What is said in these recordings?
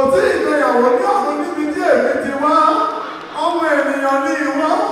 kò tí ìgbéyàwó ní ọ̀run níbi tí èmi ti wá ọmọ ènìyàn ní ìwọ́n.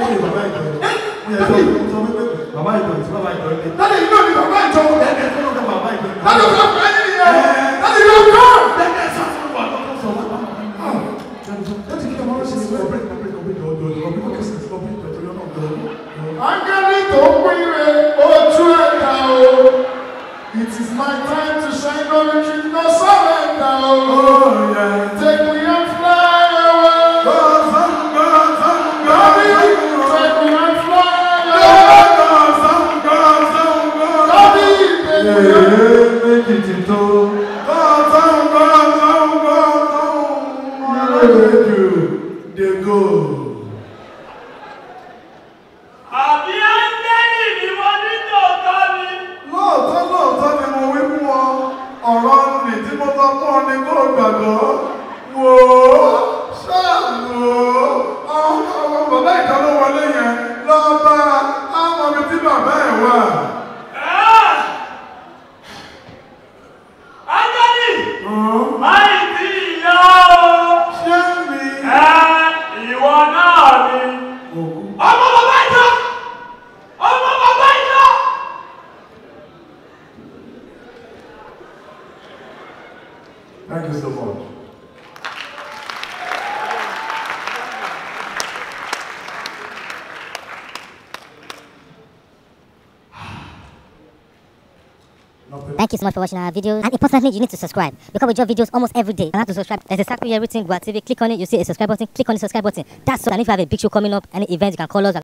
wọ́n ní bàbá ìjọ yìí ní ẹjọ́ ìjọ wípé bàbá ìjọ yìí bàbá ìjọ yìí láti ìlú mi bàbá ìjọ wọn ẹ̀ẹ́dẹ̀ tó ló dé bàbá ìjọ yìí. láti ìlú mi ẹni ni ẹ láti ìlú mi ọ. ẹ̀ẹ́dẹ̀ sọ́kùn wà lọ́kọ̀ sọ̀rọ̀ láti kí ọmọ rẹ̀ ṣe é bàbá ìdánwọlé yẹn lọ bá ámọ̀mí tí bàbá ẹ̀ wà. Ah! Ájọ́dì, máa ń bí ìyá Ṣé mi? Ẹ ìwọ náà ni. Ọmọ bàbá ìjọ! Ọmọ bàbá ìjọ! Thank you so much. Thank you so much for watching our videos. And importantly, you need to subscribe because we drop videos almost every day. And how to subscribe? There's exactly everything. Gua TV. Click on it. You see a subscribe button. Click on the subscribe button. That's all. And if you have a big show coming up, any event, you can call us.